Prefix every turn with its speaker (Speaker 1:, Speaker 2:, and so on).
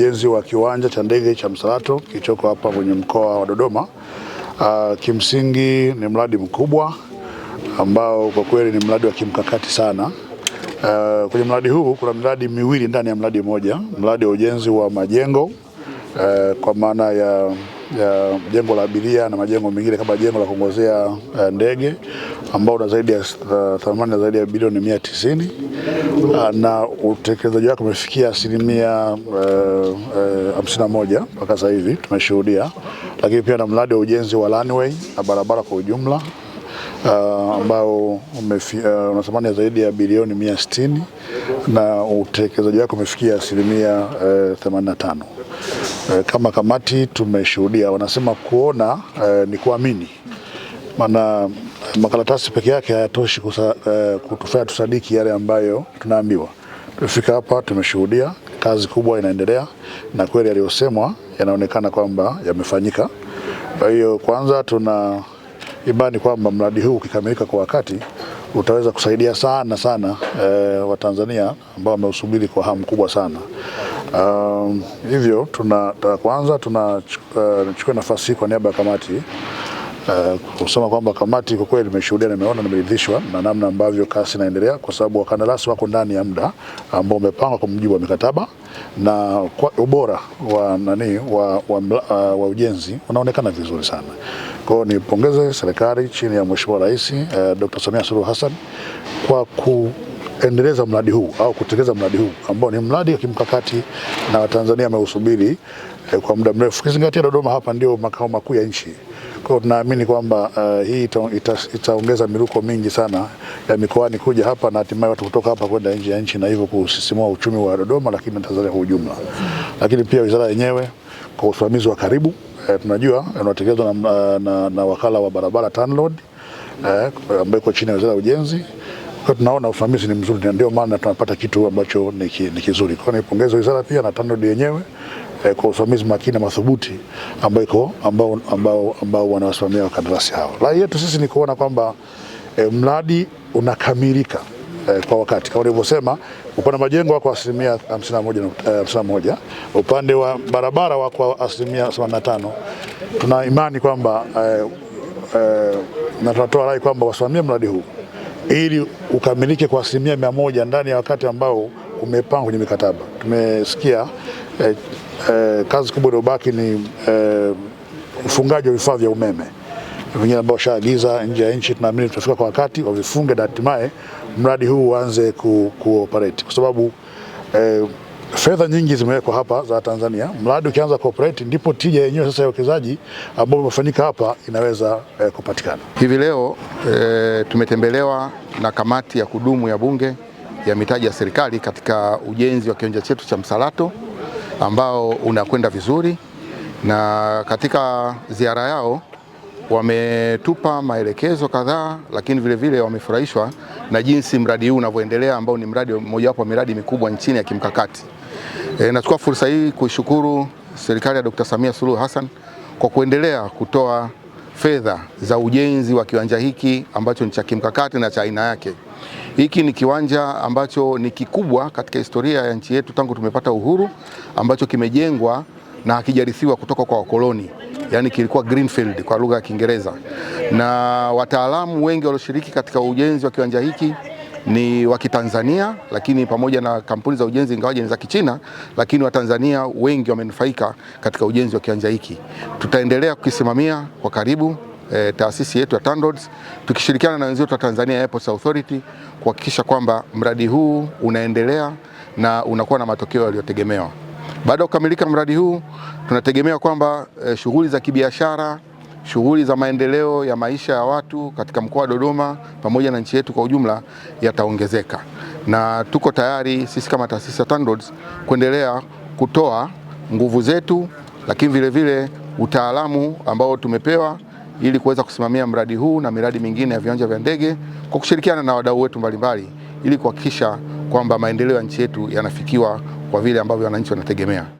Speaker 1: ujenzi wa kiwanja cha ndege cha Msalato kilichoko hapa kwenye mkoa wa Dodoma. Uh, kimsingi ni mradi mkubwa ambao kwa kweli ni mradi wa kimkakati sana. Uh, kwenye mradi huu kuna miradi miwili ndani ya mradi mmoja, mradi wa ujenzi wa majengo uh, kwa maana ya ya jengo la abiria na majengo mengine kama jengo la kuongozea uh, eh, ndege ambao una zaidi ya uh, thamani zaidi ya bilioni mia tisini uh, na utekelezaji wake umefikia asilimia eh, hamsini na moja mpaka sasa hivi tumeshuhudia, lakini pia na mradi wa ujenzi wa runway na barabara kwa ujumla ah, ambao una thamani uh, zaidi ya bilioni mia sitini na utekelezaji wake umefikia asilimia 85. E, kama kamati tumeshuhudia, wanasema kuona e, ni kuamini, maana eh, makaratasi peke yake hayatoshi e, kutufanya tusadiki yale ambayo tunaambiwa. Tumefika hapa, tumeshuhudia kazi kubwa inaendelea, na kweli yaliyosemwa yanaonekana kwamba yamefanyika. Kwa hiyo kwanza, tuna imani kwamba mradi huu ukikamilika kwa wakati utaweza kusaidia sana sana e, Watanzania ambao wameusubiri kwa hamu kubwa sana. Um, hivyo tuna, tuna kwanza tunachukua uh, nafasi hii kwa niaba ya kamati uh, kusema kwamba kamati kwa kweli imeshuhudia na imeona nimeridhishwa na namna ambavyo kasi inaendelea, kwa sababu wakandarasi wako ndani ya muda ambao umepangwa kwa mujibu wa mikataba na kwa ubora wa, nani, wa, wa, uh, wa ujenzi unaonekana vizuri sana. Kwa hiyo nipongeze serikali chini ya Mheshimiwa Rais uh, Dr. Samia Suluhu Hassan kwa ku kuendeleza mradi huu au kutekeleza mradi huu ambao ni mradi wa kimkakati na Watanzania wameusubiri eh, kwa muda mrefu, ukizingatia Dodoma hapa ndio makao makuu ya nchi. Kwa hiyo tunaamini kwamba uh, hii itaongeza ita, miruko mingi sana ya mikoani kuja hapa na hatimaye watu kutoka hapa kwenda nje ya nchi na hivyo kusisimua uchumi wa Dodoma, lakini na Tanzania kwa ujumla. Lakini pia wizara yenyewe kwa usimamizi wa karibu eh, tunajua unatekelezwa na, na, na wakala wa barabara TANROADS eh, ambayo iko chini ya wizara ya ujenzi kwa tunaona usimamizi ni mzuri na ndio maana tunapata kitu ambacho ni kizuri. Kwa hiyo nipongeze wizara pia na TANROADS yenyewe eh, kwa usimamizi makini na madhubuti ambao ambao ambao ambao wanawasimamia wakandarasi hao. Rai yetu sisi ni kuona kwamba eh, mradi unakamilika eh, kwa wakati. Kama ulivyosema, upande wa majengo wako asilimia 51, eh, upande wa barabara wako asilimia 75. Tuna imani kwamba eh, eh, na tunatoa rai kwamba wasimamie mradi huu ili ukamilike kwa asilimia mia moja ndani ya wakati ambao umepangwa kwenye mikataba. Tumesikia eh, eh, kazi kubwa iliyobaki ni eh, ufungaji wa vifaa vya umeme vingine ambao shaagiza nje ya nchi. Tunaamini tutafika kwa wakati wavifunge na hatimaye mradi huu uanze kuoperate ku kwa sababu eh, fedha nyingi zimewekwa hapa za Tanzania. Mradi ukianza kuoperate ndipo tija yenyewe sasa ya uwekezaji ambao umefanyika hapa inaweza eh, kupatikana.
Speaker 2: Hivi leo eh, tumetembelewa na kamati ya kudumu ya Bunge ya mitaji ya serikali katika ujenzi wa kiwanja chetu cha Msalato ambao unakwenda vizuri, na katika ziara yao wametupa maelekezo kadhaa, lakini vilevile wamefurahishwa na jinsi mradi huu unavyoendelea ambao ni mradi mmojawapo wa miradi mikubwa nchini ya kimkakati. E, nachukua fursa hii kuishukuru serikali ya Dr. Samia Suluhu Hassan kwa kuendelea kutoa fedha za ujenzi wa kiwanja hiki ambacho ni cha kimkakati na cha aina yake. Hiki ni kiwanja ambacho ni kikubwa katika historia ya nchi yetu tangu tumepata uhuru, ambacho kimejengwa na hakijarithiwa kutoka kwa wakoloni, yaani kilikuwa greenfield kwa lugha ya Kiingereza, na wataalamu wengi walioshiriki katika ujenzi wa kiwanja hiki ni wa Kitanzania, lakini pamoja na kampuni za ujenzi ingawaje ni za Kichina, lakini Watanzania wengi wamenufaika katika ujenzi wa kiwanja hiki. Tutaendelea kukisimamia kwa karibu E, taasisi yetu ya TANROADS tukishirikiana na wenzetu wa Tanzania Airports Authority kuhakikisha kwamba mradi huu unaendelea na unakuwa na matokeo yaliyotegemewa. Baada ya kukamilika mradi huu, tunategemea kwamba e, shughuli za kibiashara shughuli za maendeleo ya maisha ya watu katika mkoa wa Dodoma pamoja na nchi yetu kwa ujumla yataongezeka, na tuko tayari sisi kama taasisi ya TANROADS kuendelea kutoa nguvu zetu, lakini vilevile utaalamu ambao tumepewa ili kuweza kusimamia mradi huu na miradi mingine ya viwanja vya ndege kwa kushirikiana na wadau wetu mbalimbali ili kuhakikisha kwamba maendeleo ya nchi yetu yanafikiwa kwa vile ambavyo wananchi wanategemea.